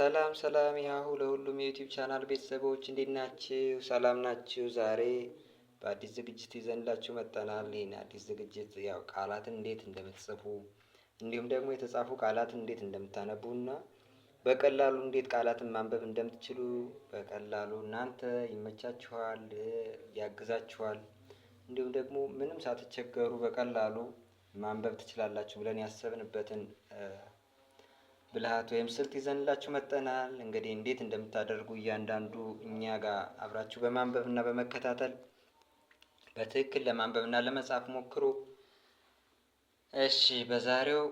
ሰላም ሰላም ያሁ ለሁሉም የዩቲዩብ ቻናል ቤተሰቦች እንዴት ናችሁ? ሰላም ናችሁ? ዛሬ በአዲስ ዝግጅት ይዘንላችሁ መጠናል። ይህን አዲስ ዝግጅት ያው ቃላትን እንዴት እንደምትጽፉ እንዲሁም ደግሞ የተጻፉ ቃላትን እንዴት እንደምታነቡ እና በቀላሉ እንዴት ቃላትን ማንበብ እንደምትችሉ በቀላሉ እናንተ ይመቻችኋል፣ ያግዛችኋል። እንዲሁም ደግሞ ምንም ሳትቸገሩ በቀላሉ ማንበብ ትችላላችሁ ብለን ያሰብንበትን ብልሃት ወይም ስልት ይዘንላችሁ መጥተናል። እንግዲህ እንዴት እንደምታደርጉ እያንዳንዱ እኛ ጋር አብራችሁ በማንበብ እና በመከታተል በትክክል ለማንበብ እና ለመጻፍ ሞክሩ። እሺ፣ በዛሬው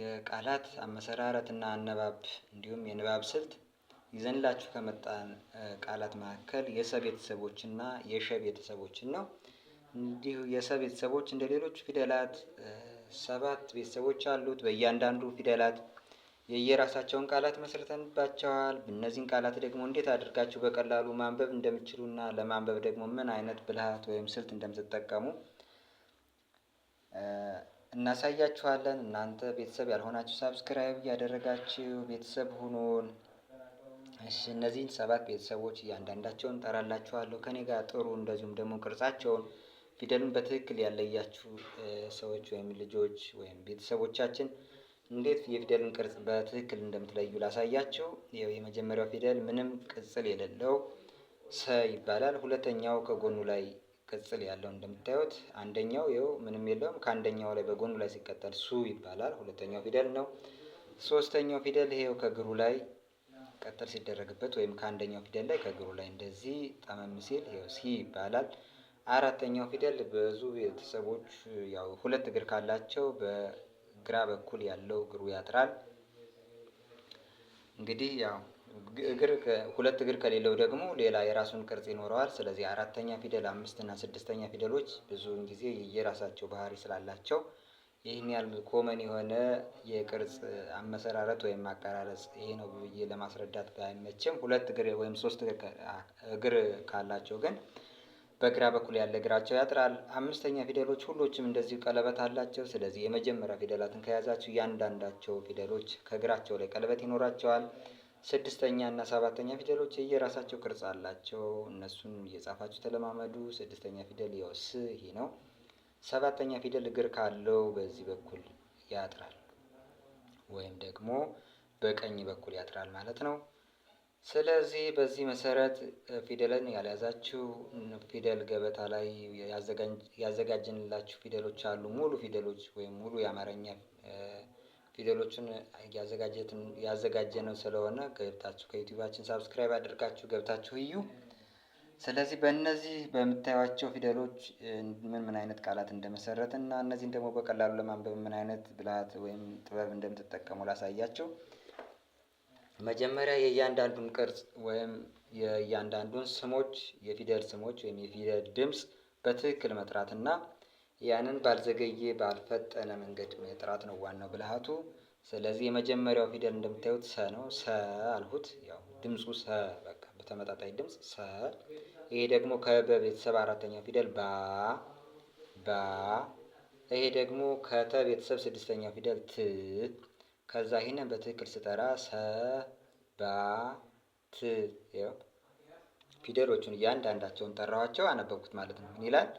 የቃላት አመሰራረት እና አነባብ እንዲሁም የንባብ ስልት ይዘንላችሁ ከመጣን ቃላት መካከል የሰ ቤተሰቦች እና የሸ ቤተሰቦችን ነው። እንዲሁ የሰ ቤተሰቦች እንደ ሌሎች ፊደላት ሰባት ቤተሰቦች አሉት። በእያንዳንዱ ፊደላት የየራሳቸውን ቃላት መስርተንባቸዋል። እነዚህን ቃላት ደግሞ እንዴት አድርጋችሁ በቀላሉ ማንበብ እና ለማንበብ ደግሞ ምን አይነት ብልሃት ወይም ስልት እንደምትጠቀሙ እናሳያችኋለን። እናንተ ቤተሰብ ያልሆናችሁ ሳብስክራይብ እያደረጋችሁ ቤተሰብ ሁኑን። እሺ፣ እነዚህን ሰባት ቤተሰቦች እያንዳንዳቸውን ጠራላችኋለሁ። ከኔ ጋር ጥሩ እንደዚሁም ደግሞ ቅርጻቸውን ፊደልን በትክክል ያለያችሁ ሰዎች ወይም ልጆች ወይም ቤተሰቦቻችን እንዴት የፊደልን ቅርጽ በትክክል እንደምትለዩ ላሳያችሁ። ይኸው የመጀመሪያው ፊደል ምንም ቅጽል የሌለው ሰ ይባላል። ሁለተኛው ከጎኑ ላይ ቅጽል ያለው እንደምታዩት፣ አንደኛው ይኸው ምንም የለውም። ከአንደኛው ላይ በጎኑ ላይ ሲቀጠል ሱ ይባላል። ሁለተኛው ፊደል ነው። ሶስተኛው ፊደል ይኸው ከግሩ ላይ ቀጠል ሲደረግበት ወይም ከአንደኛው ፊደል ላይ ከግሩ ላይ እንደዚህ ጠመም ሲል ይኸው ሲ ይባላል። አራተኛው ፊደል ብዙ ቤተሰቦች ያው ሁለት እግር ካላቸው በ ግራ በኩል ያለው እግሩ ያጥራል። እንግዲህ ያው እግር ሁለት እግር ከሌለው ደግሞ ሌላ የራሱን ቅርጽ ይኖረዋል። ስለዚህ አራተኛ ፊደል፣ አምስት እና ስድስተኛ ፊደሎች ብዙውን ጊዜ የየራሳቸው ባህሪ ስላላቸው ይህን ያህል ኮመን የሆነ የቅርጽ አመሰራረት ወይም አቀራረጽ ይሄ ነው ብዬ ለማስረዳት ባይመችም ሁለት እግር ወይም ሶስት እግር ካላቸው ግን በግራ በኩል ያለ እግራቸው ያጥራል። አምስተኛ ፊደሎች ሁሎችም እንደዚሁ ቀለበት አላቸው። ስለዚህ የመጀመሪያ ፊደላትን ከያዛችሁ እያንዳንዳቸው ፊደሎች ከእግራቸው ላይ ቀለበት ይኖራቸዋል። ስድስተኛ እና ሰባተኛ ፊደሎች የየራሳቸው ቅርጽ አላቸው። እነሱን እየጻፋችሁ ተለማመዱ። ስድስተኛ ፊደል ያው ስ ይሄ ነው። ሰባተኛ ፊደል እግር ካለው በዚህ በኩል ያጥራል ወይም ደግሞ በቀኝ በኩል ያጥራል ማለት ነው። ስለዚህ በዚህ መሰረት ፊደልን ያልያዛችሁ ፊደል ገበታ ላይ ያዘጋጀንላችሁ ፊደሎች አሉ። ሙሉ ፊደሎች ወይም ሙሉ የአማርኛ ፊደሎችን ያዘጋጀ ነው ስለሆነ ገብታችሁ ከዩቲዩባችን ሳብስክራይብ አድርጋችሁ ገብታችሁ እዩ። ስለዚህ በእነዚህ በምታዩቸው ፊደሎች ምን ምን አይነት ቃላት እንደመሰረት እና እነዚህን ደግሞ በቀላሉ ለማንበብ ምን አይነት ብልሃት ወይም ጥበብ እንደምትጠቀሙ ላሳያቸው። መጀመሪያ የእያንዳንዱን ቅርጽ ወይም የእያንዳንዱን ስሞች የፊደል ስሞች ወይም የፊደል ድምጽ በትክክል መጥራት እና ያንን ባልዘገየ ባልፈጠነ መንገድ መጥራት ነው ዋናው ብልሃቱ። ስለዚህ የመጀመሪያው ፊደል እንደምታዩት ሰ ነው። ሰ አልሁት፣ ያው ድምፁ ሰ በቃ በተመጣጣኝ ድምፅ ሰ። ይሄ ደግሞ ከበቤተሰብ አራተኛው ፊደል ባ ባ። ይሄ ደግሞ ከተ ቤተሰብ ስድስተኛው ፊደል ት ከዛ ይህንን በትክክል ስጠራ ሰባት ፊደሎቹን እያንዳንዳቸውን ጠራኋቸው፣ አነበብኩት ማለት ነው። ምን ይላል?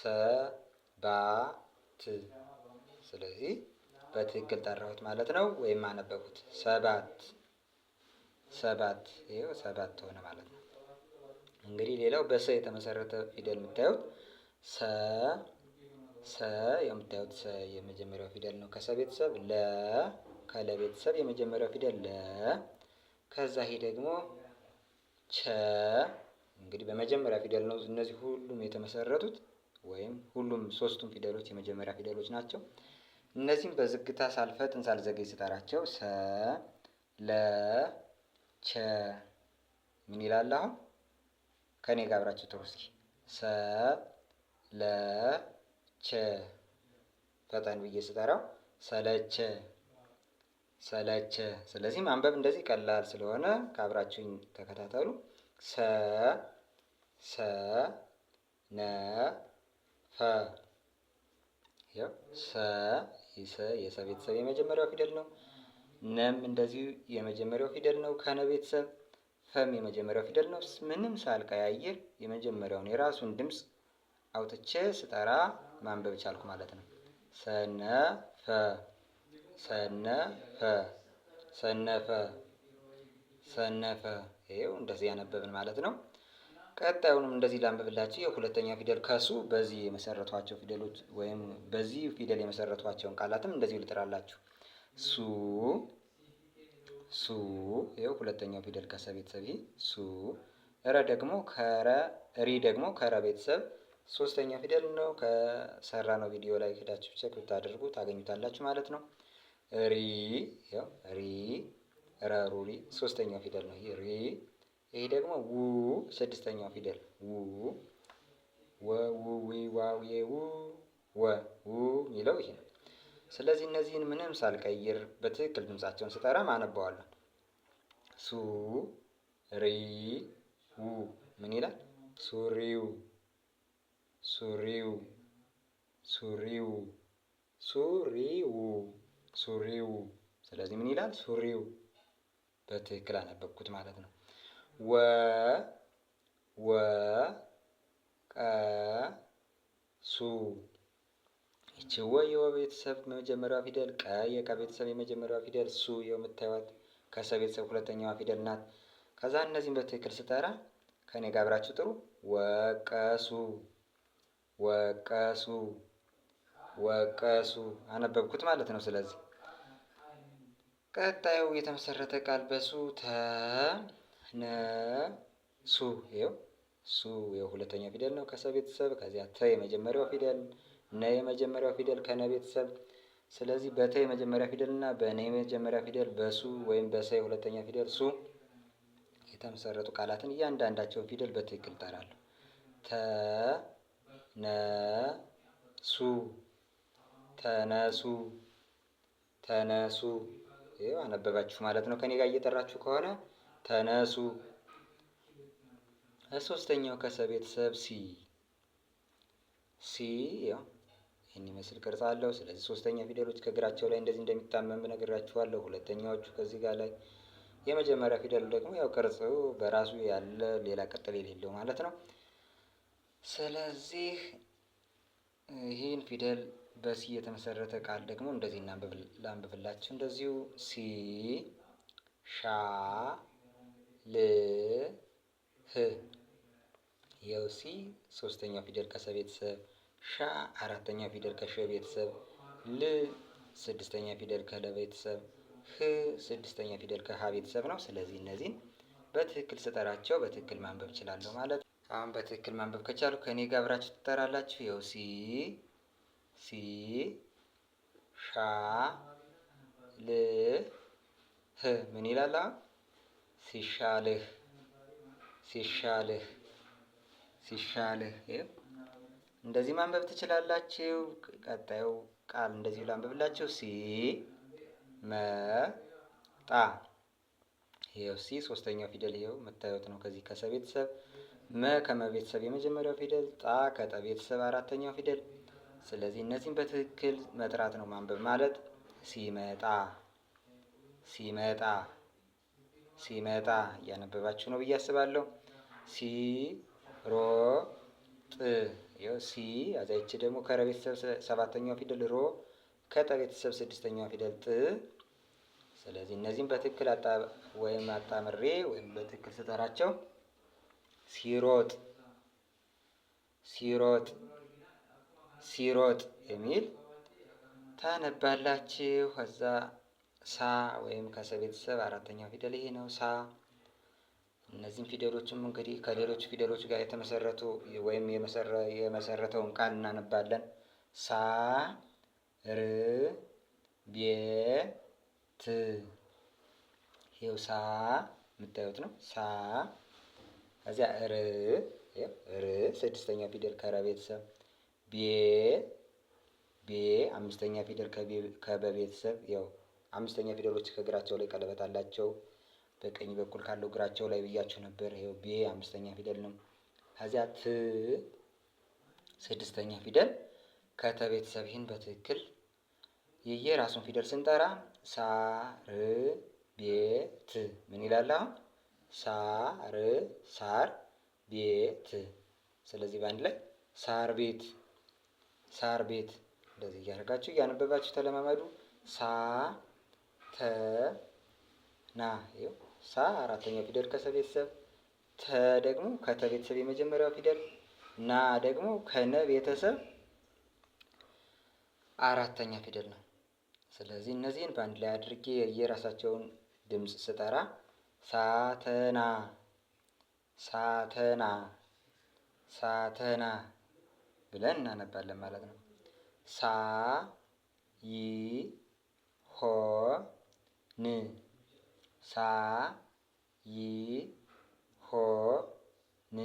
ሰባት። ስለዚህ በትክክል ጠራሁት ማለት ነው፣ ወይም አነበብኩት። ሰባት ሰባት፣ ይኸው ሰባት ሆነ ማለት ነው። እንግዲህ ሌላው በሰ የተመሰረተ ፊደል የምታዩት ሰ ሰ የምታዩት ሰ የመጀመሪያው ፊደል ነው። ከሰ ቤተሰብ ለ ከለቤተሰብ የመጀመሪያው ፊደል ለ ከዛ ይሄ ደግሞ ቸ እንግዲህ በመጀመሪያ ፊደል ነው። እነዚህ ሁሉም የተመሰረቱት ወይም ሁሉም ሶስቱም ፊደሎች የመጀመሪያ ፊደሎች ናቸው። እነዚህም በዝግታ ሳልፈጥን ሳልዘገይ ስጠራቸው ሰ ለ ቸ ምን ይላል? አሁን ከኔ ጋር አብራችሁ ጥሩ እስኪ ሰ ለ ቸ ፈጠን ብዬ ስጠራው ሰለቸ ሰለቸ። ስለዚህ ማንበብ እንደዚህ ቀላል ስለሆነ ካብራችሁኝ ተከታተሉ። ሰ ሰ ነ ፈ ሰ ይሰ የሰ ቤተሰብ የመጀመሪያው ፊደል ነው። ነም እንደዚሁ የመጀመሪያው ፊደል ነው ከነ ቤተሰብ። ፈም የመጀመሪያው ፊደል ነው። ምንም ሳልቀያየር የመጀመሪያውን የራሱን ድምፅ አውጥቼ ስጠራ ማንበብ ቻልኩ ማለት ነው። ሰነ ፈ ሰነፈ ሰነፈ ሰነፈ ይሄው እንደዚህ ያነበብን ማለት ነው። ቀጣዩንም እንደዚህ ላንብብላችሁ። የሁለተኛ ፊደል ከሱ በዚህ የመሰረቷቸው ፊደሎች ወይም በዚህ ፊደል የመሰረቷቸውን ቃላትም እንደዚህ ልጥራላችሁ። ሱ ሱ ይኸው ሁለተኛው ፊደል ከሰ ቤተሰብ ይሄ ሱ። ረ ደግሞ ከረ ሪ ደግሞ ከረ ቤተሰብ ሶስተኛ ፊደል ነው። ከሰራ ነው ቪዲዮ ላይ ሄዳችሁ ቼክ ብታደርጉ ታገኙታላችሁ ማለት ነው። ሪ ሪ ራሩሪ ሶስተኛው ፊደል ነው። ይሄ ሪ። ይሄ ደግሞ ው ስድስተኛው ፊደል ው ወ ው ዊ ዋው ዬ ው ወ ው የሚለው ይሄ ነው። ስለዚህ እነዚህን ምንም ሳልቀይር በትክክል ድምጻቸውን ስጠራ አነበዋለሁ። ሱ ሪ ው ምን ይላል? ሱሪው ሱሪው ሱሪው ሱሪው ሱሪው። ስለዚህ ምን ይላል? ሱሪው። በትክክል አነበብኩት ማለት ነው። ወ ወ ቀ ሱ ይቺ ወ የወ ቤተሰብ ፊደል፣ ቀ የቀ ቤተሰብ የመጀመሪያዋ ፊደል፣ ሱ የምታዩት ከሰ ቤተሰብ ሁለተኛዋ ፊደል ናት። ከዛ እነዚህም በትክክል ስጠራ ከኔ ጋር አብራችሁ ጥሩ። ወቀሱ ወቀሱ ወቀሱ አነበብኩት ማለት ነው። ስለዚህ ቀጣዩ የተመሰረተ ቃል በሱ ተ ነ ሱ ይኸው ሱ የሁለተኛው ፊደል ነው ከሰ ቤተሰብ። ከዚያ ተ የመጀመሪያው ፊደል፣ ነ የመጀመሪያው ፊደል ከነ ቤተሰብ። ስለዚህ በተ የመጀመሪያ ፊደል እና በነ የመጀመሪያ ፊደል በሱ ወይም በሰ የሁለተኛ ፊደል ሱ የተመሰረቱ ቃላትን እያንዳንዳቸውን ፊደል በትክክል እጠራለሁ። ተ ነ ሱ ተነሱ ተነሱ አነበባችሁ ማለት ነው። ከኔ ጋር እየጠራችሁ ከሆነ ተነሱ። ሶስተኛው ከሰ ቤተሰብ ሲ ሲ ያው ይህን ይመስል ቅርጽ አለው። ስለዚህ ሶስተኛ ፊደሎች ከእግራቸው ላይ እንደዚህ እንደሚታመም ነግራችኋለሁ። ሁለተኛዎቹ ከዚህ ጋር ላይ የመጀመሪያ ፊደል ደግሞ ያው ቅርጹ በራሱ ያለ ሌላ ቅጥል የሌለው ማለት ነው። ስለዚህ ይህን ፊደል በሲ የተመሰረተ ቃል ደግሞ እንደዚህ ላንብብላችሁ። እንደዚሁ ሲ ሻ ል ህ የው ሲ ሶስተኛው ፊደል ከሰ ቤተሰብ፣ ሻ አራተኛው ፊደል ከሸ ቤተሰብ፣ ል ስድስተኛ ፊደል ከለ ቤተሰብ፣ ህ ስድስተኛ ፊደል ከሀ ቤተሰብ ነው። ስለዚህ እነዚህን በትክክል ስጠራቸው በትክክል ማንበብ እችላለሁ ማለት ነው። አሁን በትክክል ማንበብ ከቻሉ ከእኔ ጋር አብራችሁ ትጠራላችሁ። የው ሲ ሲ ሻ ል ህ ምን ይላል? ሲሻልህ ሲሻልህ ሲሻልህ። እንደዚህ ማንበብ ትችላላችሁ። ቀጣዩ ቃል እንደዚህ ላንበብላችሁ። ሲ መ ጣ ይኸው ሲ ሶስተኛው ፊደል ይኸው መታየት ነው። ከዚህ ከሰ ቤተሰብ መ ከመ ቤተሰብ የመጀመሪያው ፊደል ጣ ከጠ ቤተሰብ አራተኛው ፊደል ስለዚህ እነዚህን በትክክል መጥራት ነው ማንበብ ማለት። ሲመጣ ሲመጣ ሲመጣ እያነበባችሁ ነው ብዬ አስባለሁ። ጥ ሲ አዛይች ደግሞ ከረ ቤተሰብ ሰባተኛው ፊደል ሮ ከጠ ቤተሰብ ስድስተኛው ፊደል ጥ። ስለዚህ እነዚህም በትክክል ወይም አጣምሬ ወይም በትክክል ስጠራቸው ሲሮጥ ሲሮጥ ሲሮጥ የሚል ታነባላችሁ። ከዛ ሳ ወይም ከሰ ቤተሰብ አራተኛው ፊደል ይሄ ነው ሳ። እነዚህም ፊደሎችም እንግዲህ ከሌሎች ፊደሎች ጋር የተመሰረቱ ወይም የመሰረተውን ቃል እናነባለን። ሳ ር ቤ ት ይኸው ሳ የምታዩት ነው ሳ ከዚያ ር ር ስድስተኛ ፊደል ከረ ቤተሰብ ቤ ቤ አምስተኛ ፊደል ከበቤተሰብ ያው አምስተኛ ፊደሎች ከእግራቸው ላይ ቀለበት አላቸው። በቀኝ በኩል ካለው እግራቸው ላይ ብያችሁ ነበር። ይኸው ቤ አምስተኛ ፊደል ነው። ከዚያ ት ስድስተኛ ፊደል ከተቤተሰብ ይህን በትክክል የየ ራሱን ፊደል ስንጠራ ሳር ቤት ምን ይላል? አሁን ሳር ሳር ቤት። ስለዚህ በአንድ ላይ ሳር ቤት ሳር ቤት እንደዚህ እያደረጋችሁ እያነበባችሁ ተለማመዱ። ሳ ተ ና ይኸው ሳ አራተኛው ፊደል ከሰ ቤተሰብ፣ ተ ደግሞ ከተ ቤተሰብ የመጀመሪያው ፊደል፣ ና ደግሞ ከነ ቤተሰብ አራተኛ ፊደል ነው። ስለዚህ እነዚህን በአንድ ላይ አድርጌ የራሳቸውን ድምፅ ስጠራ ሳተና ሳተና ሳተና ብለን እናነባለን ማለት ነው። ሳ ይ ሆ ን ሳ ይ ሆ ን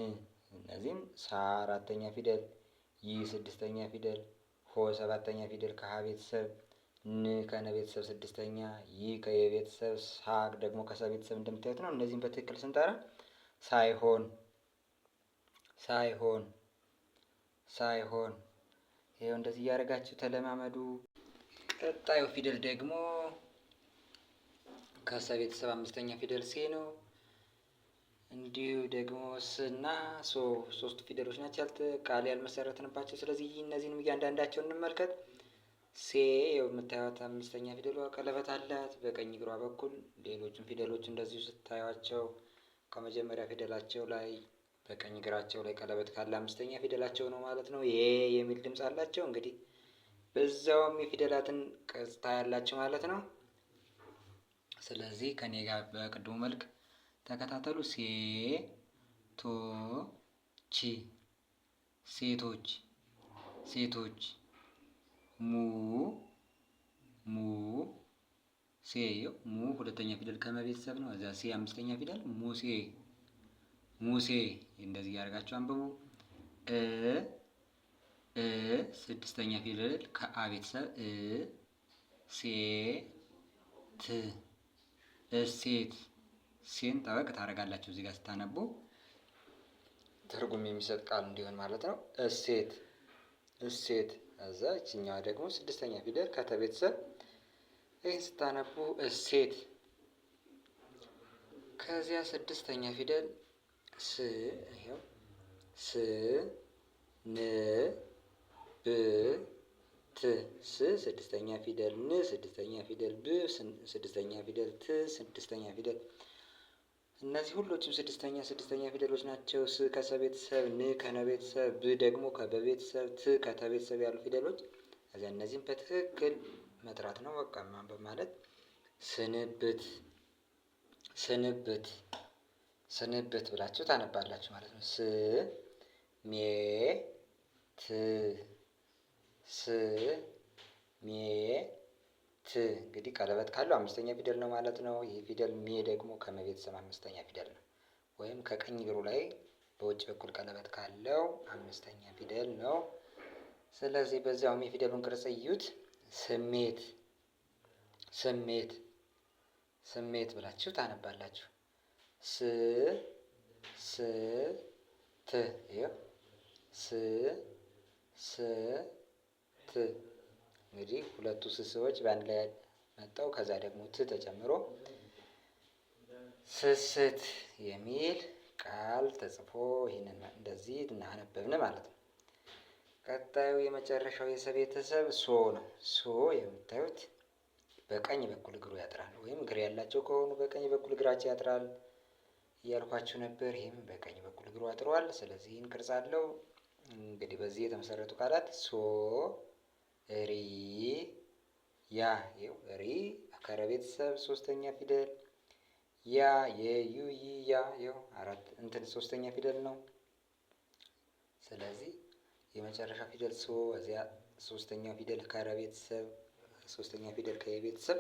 እነዚህም ሳ አራተኛ ፊደል፣ ይ ስድስተኛ ፊደል፣ ሆ ሰባተኛ ፊደል ከሀ ቤተሰብ፣ ን ከነ ቤተሰብ ስድስተኛ፣ ይ ከየቤተሰብ፣ ሳ ደግሞ ከሰ ቤተሰብ እንደምታዩት ነው። እነዚህም በትክክል ስንጠራ ሳይሆን ሳይሆን ሳይሆን ይኸው እንደዚህ እያደረጋችሁ ተለማመዱ። ቀጣዩ ፊደል ደግሞ ከሰ ቤተሰብ አምስተኛ ፊደል ሴ ነው። እንዲሁ ደግሞ ስና ሶ ሶስቱ ፊደሎች ናቸው ያልተ ቃል ያልመሰረትንባቸው። ስለዚህ እነዚህንም እያንዳንዳቸው እንመልከት። ሴ የምታዩት አምስተኛ ፊደሏ ቀለበት አላት በቀኝ እግሯ በኩል። ሌሎችም ፊደሎች እንደዚሁ ስታዩቸው ከመጀመሪያ ፊደላቸው ላይ በቀኝ እግራቸው ላይ ቀለበት ካለ አምስተኛ ፊደላቸው ነው ማለት ነው። ይሄ የሚል ድምፅ አላቸው። እንግዲህ በዛውም የፊደላትን ገጽታ ያላቸው ማለት ነው። ስለዚህ ከኔ ጋር በቅድሙ መልክ ተከታተሉ። ሴ ቶ ቺ ሴቶች ሴቶች ሙ ሙ ሴ ሙ ሁለተኛ ፊደል ከመቤተሰብ ነው። እዛ ሴ አምስተኛ ፊደል ሙሴ ሙሴ እንደዚህ ያደርጋችሁ አንብቡ። እ እ ስድስተኛ ፊደል ከአ ቤተሰብ እ ሴ ት እሴት ሴን ጠበቅ ታደርጋላችሁ እዚህ ጋር ስታነቡ ትርጉም የሚሰጥ ቃል እንዲሆን ማለት ነው። እሴት እሴት። እዛ ይችኛዋ ደግሞ ስድስተኛ ፊደል ከተ ቤተሰብ ይህን ስታነቡ እሴት። ከዚያ ስድስተኛ ፊደል ስ ይሄው ስ ን ብ ት ስ ስድስተኛ ፊደል ን ስድስተኛ ፊደል ብ ስድስተኛ ፊደል ት ስድስተኛ ፊደል እነዚህ ሁሎችም ስድስተኛ ስድስተኛ ፊደሎች ናቸው። ስ ከሰ ቤተሰብ፣ ን ከነ ቤተሰብ፣ ብ ደግሞ ከበ ቤተሰብ፣ ት ከተ ቤተሰብ ያሉ ፊደሎች እዚያ እነዚህም በትክክል መጥራት ነው። በቃ ማንበብ ማለት ስንብት ስንብት ስንብት ብላችሁ ታነባላችሁ ማለት ነው። ስ ሜ ት ስ ሜ ት እንግዲህ ቀለበት ካለው አምስተኛ ፊደል ነው ማለት ነው። ይህ ፊደል ሜ ደግሞ ከመቤተሰብ አምስተኛ ፊደል ነው፣ ወይም ከቀኝ እግሩ ላይ በውጭ በኩል ቀለበት ካለው አምስተኛ ፊደል ነው። ስለዚህ በዚያውም የፊደሉን ቅርጽ እዩት። ስሜት ስሜት ስሜት ብላችሁ ታነባላችሁ። ስ ስ ት ስ ስ ት እንግዲህ ሁለቱ ስስዎች በአንድ ላይ መጣው። ከዛ ደግሞ ት ተጨምሮ ስስት የሚል ቃል ተጽፎ ይህንን እንደዚህ እናነበብን ማለት ነው። ቀጣዩ የመጨረሻው የሰ ቤተሰብ ሶ ነው። ሶ የምታዩት በቀኝ በኩል እግሩ ያጥራል። ወይም እግር ያላቸው ከሆኑ በቀኝ በኩል እግራቸው ያጥራል። እያልኳችሁ ነበር። ይህም በቀኝ በኩል እግሩ አጥሯል። ስለዚህ ይህን ቅርጽ አለው። እንግዲህ በዚህ የተመሰረቱ ቃላት ሶ፣ ሪ፣ ያ ይኸው ሪ አካረ ቤተሰብ ሶስተኛ ፊደል ያ የዩ ይ ያ ይኸው አራት እንትን ሶስተኛ ፊደል ነው። ስለዚህ የመጨረሻ ፊደል ሶ እዚያ ሶስተኛው ፊደል ከረ ቤተሰብ ሶስተኛ ፊደል ከየ ቤተሰብ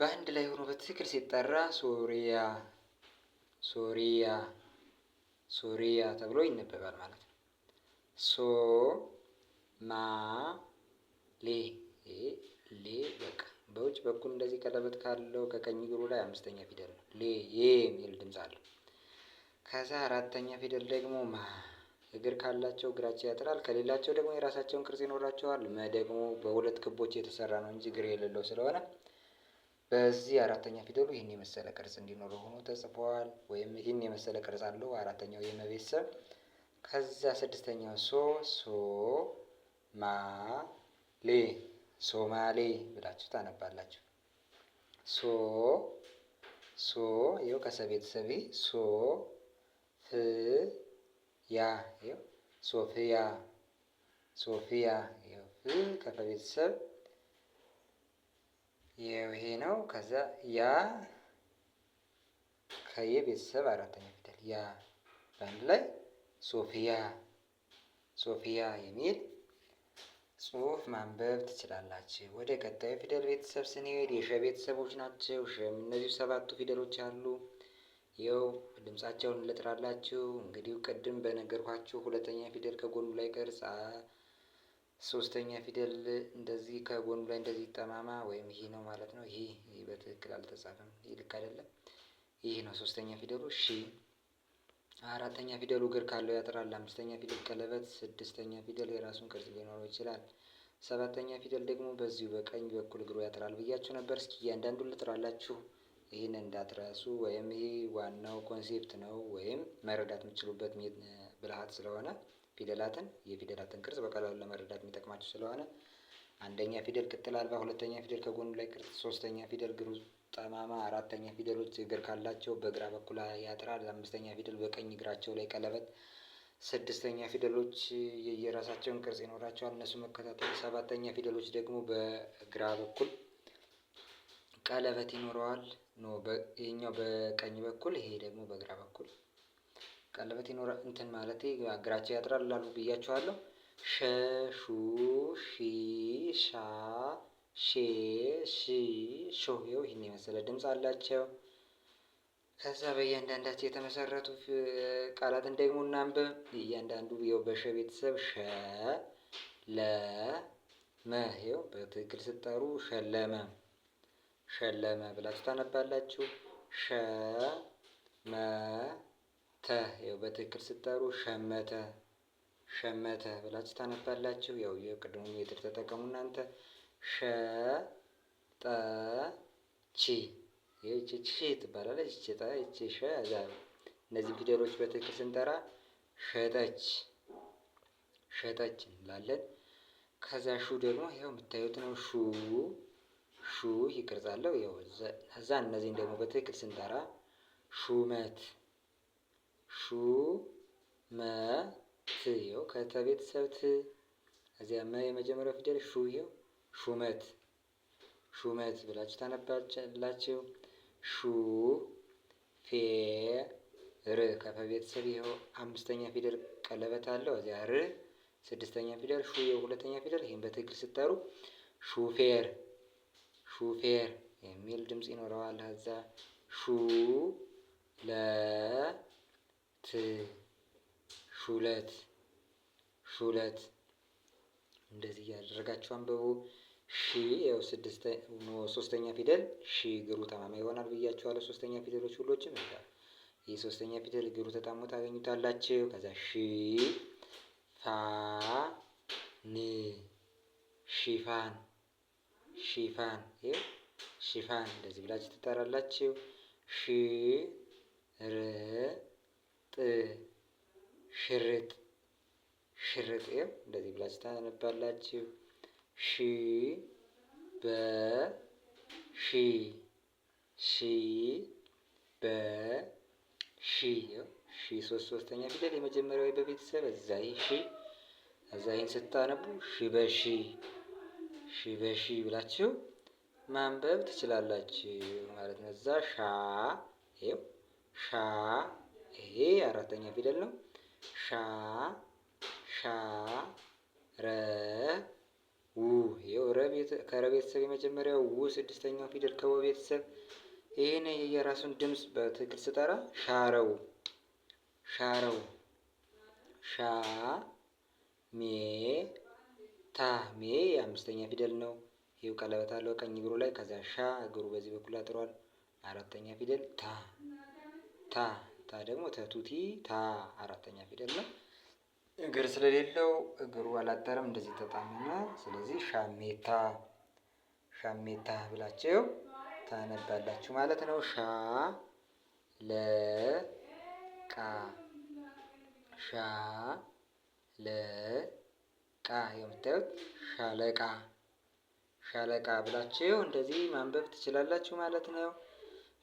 በአንድ ላይ ሆኖ በትክክል ሲጠራ ሶሪያ ሶሪያ ሶሪያ ተብሎ ይነበባል ማለት ነው። ሶ ማ ሌ ሌ በቃ በውጭ በኩል እንደዚህ ቀለበት ካለው ከቀኝ እግሩ ላይ አምስተኛ ፊደል ነው። ሌ የሚል ድምፅ አለው። ከዛ አራተኛ ፊደል ደግሞ ማ እግር ካላቸው እግራቸው ያጥራል። ከሌላቸው ደግሞ የራሳቸውን ቅርጽ ይኖራቸዋል። መ ደግሞ በሁለት ክቦች የተሰራ ነው እንጂ እግር የሌለው ስለሆነ በዚህ አራተኛ ፊደሉ ይህን የመሰለ ቅርጽ እንዲኖረው ሆኖ ተጽፏል። ወይም ይህን የመሰለ ቅርጽ አለው አራተኛው የመቤተሰብ ከዛ ስድስተኛው ሶ ሶ ማ ሌ ሶማሌ ብላችሁ ታነባላችሁ። ሶ ሶ ይኸው ከሰ ቤተሰብ ሶ ፍ ያ ይኸው ሶፍያ ሶፊያ ይኸው ፍ ከፈ ቤተሰብ ይሄ ነው። ከዛ ያ ከየ ቤተሰብ አራተኛ ፊደል ያ በአንድ ላይ ሶፊያ ሶፊያ የሚል ጽሁፍ ማንበብ ትችላላችሁ። ወደ ቀጣዩ ፊደል ቤተሰብ ስንሄድ የሸ ቤተሰቦች ናቸው። ሸም እነዚሁ ሰባቱ ፊደሎች አሉ። ይኸው ድምጻቸውን ልጥራላችሁ። እንግዲህ ቅድም በነገርኳችሁ ሁለተኛ ፊደል ከጎኑ ላይ ቅርጽ። ሶስተኛ ፊደል እንደዚህ ከጎኑ ላይ እንደዚህ ጠማማ ወይም ይሄ ነው ማለት ነው። ይሄ በትክክል አልተጻፈም። ይሄ ልክ አይደለም። ይህ ነው ሶስተኛ ፊደሉ ሺ። አራተኛ ፊደሉ እግር ካለው ያጥራል። አምስተኛ ፊደል ቀለበት። ስድስተኛ ፊደል የራሱን ቅርጽ ሊኖረው ይችላል። ሰባተኛ ፊደል ደግሞ በዚሁ በቀኝ በኩል እግሩ ያጥራል ብያችሁ ነበር። እስኪ እያንዳንዱን ልጥራላችሁ። ይህን እንዳትረሱ ወይም ይህ ዋናው ኮንሴፕት ነው ወይም መረዳት የምትችሉበት ብልሃት ስለሆነ ፊደላትን የፊደላትን ቅርጽ በቀላሉ ለመረዳት የሚጠቅማቸው ስለሆነ አንደኛ ፊደል ቅጥል አልባ፣ ሁለተኛ ፊደል ከጎኑ ላይ ቅርጽ፣ ሶስተኛ ፊደል ግሩ ጠማማ፣ አራተኛ ፊደሎች እግር ካላቸው በግራ በኩል ያጥራል። አምስተኛ ፊደል በቀኝ እግራቸው ላይ ቀለበት፣ ስድስተኛ ፊደሎች የየራሳቸውን ቅርጽ ይኖራቸዋል፣ እነሱ መከታተል። ሰባተኛ ፊደሎች ደግሞ በግራ በኩል ቀለበት ይኖረዋል። ኖ ይሄኛው በቀኝ በኩል ይሄ ደግሞ በግራ በኩል ቀለበት ይኖረ እንትን ማለት እግራቸው ያጥራል ላሉ ብያችኋለሁ። ሸ ሹ ሺ ሻ ሼ ሺ ሾ ይኸው ይህን የመሰለ ድምፅ አላቸው። ከዛ በእያንዳንዳቸው የተመሰረቱ ቃላትን ደግሞ እናንብብ። እያንዳንዱ ው በሸ ቤተሰብ ሸ ለ መ ይኸው በትክክል ስጠሩ ሸለመ ሸለመ ብላችሁ ታነባላችሁ። ሸ መ ተ ያው በትክክል ስጠሩ ሸመተ ሸመተ ብላችሁ ታነባላችሁ። ያው የቅድሙ ሜትር ተጠቀሙ እናንተ። ሸ ጠ ቺ ይህች ቺ ትባላለች። ቺ ጠ ይቺ ሸ ዛ እነዚህ ፊደሎች በትክክል ስንጠራ ሸጠች ሸጠች እንላለን። ከዛ ሹ ደግሞ ያው የምታዩት ነው። ሹ ሹ ይቅርጻለሁ። ያው እዛ እነዚህን ደግሞ በትክክል ስንጠራ ሹመት ሹመት ይኸው ከተ ቤተሰብ ት እዚያ መ የመጀመሪያው ፊደል ሹ ይኸው ሹመት ሹመት ብላችሁ ታነባላችሁ። ሹ ፌ ር ከፈ ቤተሰብ ይኸው አምስተኛ ፊደል ቀለበት አለው። እዚያ ር ስድስተኛ ፊደል ሹ ይኸው ሁለተኛ ፊደል ይህም በትክክል ስጠሩ ሹፌር ሹፌር የሚል ድምፅ ይኖረዋል። ከዛ ሹ ለ ት ሹለት ሹለት እንደዚህ እያደረጋችሁ አንብቡ። ሺ ያው ስድስተ ሶስተኛ ፊደል ሺ ግሩ ተማማ ይሆናል ብያችኋለሁ። ሶስተኛ ፊደሎች ሁሎችም ይላል። ይህ ሶስተኛ ፊደል እግሩ ተጣሞ ታገኙታላችሁ። ከዛ ሺ ፋ ን ሺፋን ሺፋን ይሄ ሺፋን እንደዚህ ብላችሁ ትጠራላችሁ። ሺ ር ጥ ሽርጥ ሽርጥ እንደዚህ ብላችሁ ታነባላችሁ። ሺ በ ሺ ሺ በ ሺ ሺ ሶስት ሶስተኛ ፊደል የመጀመሪያው በቤተሰብ እዛ ይህ ሺ እዛ ይህን ስታነቡ ሺ በሺ ሺ በሺ ብላችሁ ማንበብ ትችላላችሁ ማለት ነው። እዛ ሻ ሻ ይሄ አራተኛ ፊደል ነው። ሻ ሻ ረ ው ይኸው ከረ ቤተሰብ የመጀመሪያው ው ስድስተኛው ፊደል ከወ ቤተሰብ ይህን የራሱን ድምፅ በትክክል ስጠራ ሻረው ሻረው ሻ ሜ ታ ሜ የአምስተኛ ፊደል ነው። ይኸው ቀለበት አለው ቀኝ እግሩ ላይ ከዛ ሻ እግሩ በዚህ በኩል አጥሯል። አራተኛ ፊደል ታ ታ ታ ደግሞ ተቱቲ ታ አራተኛ ፊደል ነው። እግር ስለሌለው እግሩ አላጠረም፣ እንደዚህ ተጣመመ። ስለዚህ ሻሜታ ሻሜታ ብላችሁ ታነባላችሁ ማለት ነው። ሻ ለ ቃ ሻ ለ ቃ የምታዩት ሻለቃ ሻለቃ ብላችሁ እንደዚህ ማንበብ ትችላላችሁ ማለት ነው።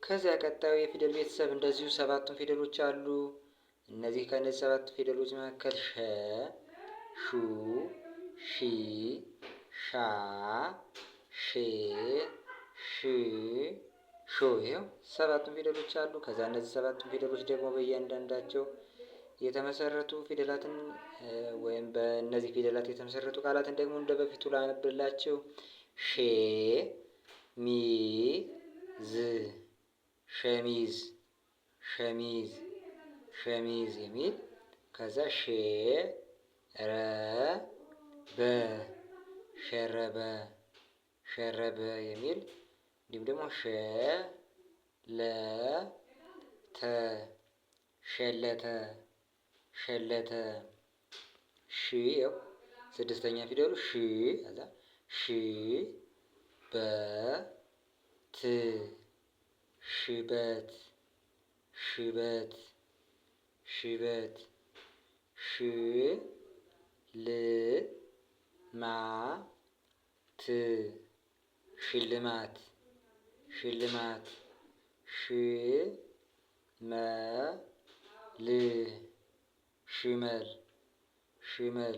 ከዚያ ቀጣዩ የፊደል ቤተሰብ እንደዚሁ ሰባቱን ፊደሎች አሉ። እነዚህ ከእነዚህ ሰባቱ ፊደሎች መካከል ሸ፣ ሹ፣ ሺ፣ ሻ፣ ሼ፣ ሽ፣ ሾ ይኸው ሰባቱን ፊደሎች አሉ። ከዛ እነዚህ ሰባቱን ፊደሎች ደግሞ በእያንዳንዳቸው የተመሰረቱ ፊደላትን ወይም በእነዚህ ፊደላት የተመሰረቱ ቃላትን ደግሞ እንደ በፊቱ ላነብላቸው ሼ ሚ ዝ ሸሚዝ ሸሚዝ ሸሚዝ የሚል ከዛ ሸ ረ በ ሸረበ ሸረበ የሚል እንዲሁም ደግሞ ሸ ለ ተ ሸለተ ሸለተ ሺ ያው ስድስተኛ ፊደሉ ሺ ከዛ ሺ በ ት ሽበት ሽበት ሽበት ሽ ል ማ ት ሽልማት ሽልማት ሽ መ ል ሽመል ሽመል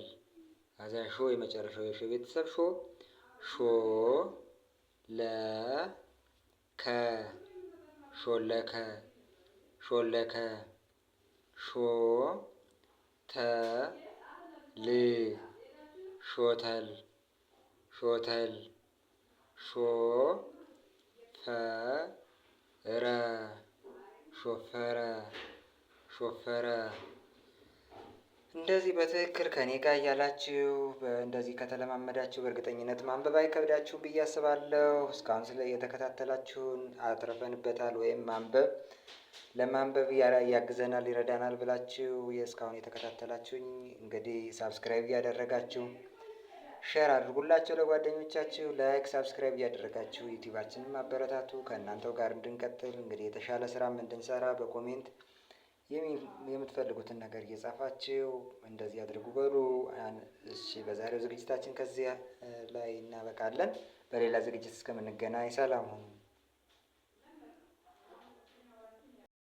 አዛ ሾ የመጨረሻው የሾ ቤተሰብ ሾ ሾ ለ ከ ሾለከ ሾለከ ሾ ተ ል ሾተል ሾተል ሾ ፈ ረ ሾፈረ ሾፈረ እንደዚህ በትክክል ከኔ ጋር እያላችሁ እንደዚህ ከተለማመዳችሁ በእርግጠኝነት ማንበብ አይከብዳችሁም ብዬ አስባለሁ። እስካሁን ስለ እየተከታተላችሁን አትረፈንበታል ወይም ማንበብ ለማንበብ ያግዘናል፣ ይረዳናል ብላችሁ እስካሁን የተከታተላችሁኝ እንግዲህ ሳብስክራይብ እያደረጋችሁ ሼር አድርጉላቸው ለጓደኞቻችሁ። ላይክ ሳብስክራይብ እያደረጋችሁ ዩቲዩባችንን ማበረታቱ ከእናንተው ጋር እንድንቀጥል እንግዲህ የተሻለ ስራም እንድንሰራ በኮሜንት የምትፈልጉትን ነገር እየጻፋችሁ እንደዚህ አድርጉ በሉ። እሺ፣ በዛሬው ዝግጅታችን ከዚያ ላይ እናበቃለን። በሌላ ዝግጅት እስከምንገናኝ ሰላም ሁኑ።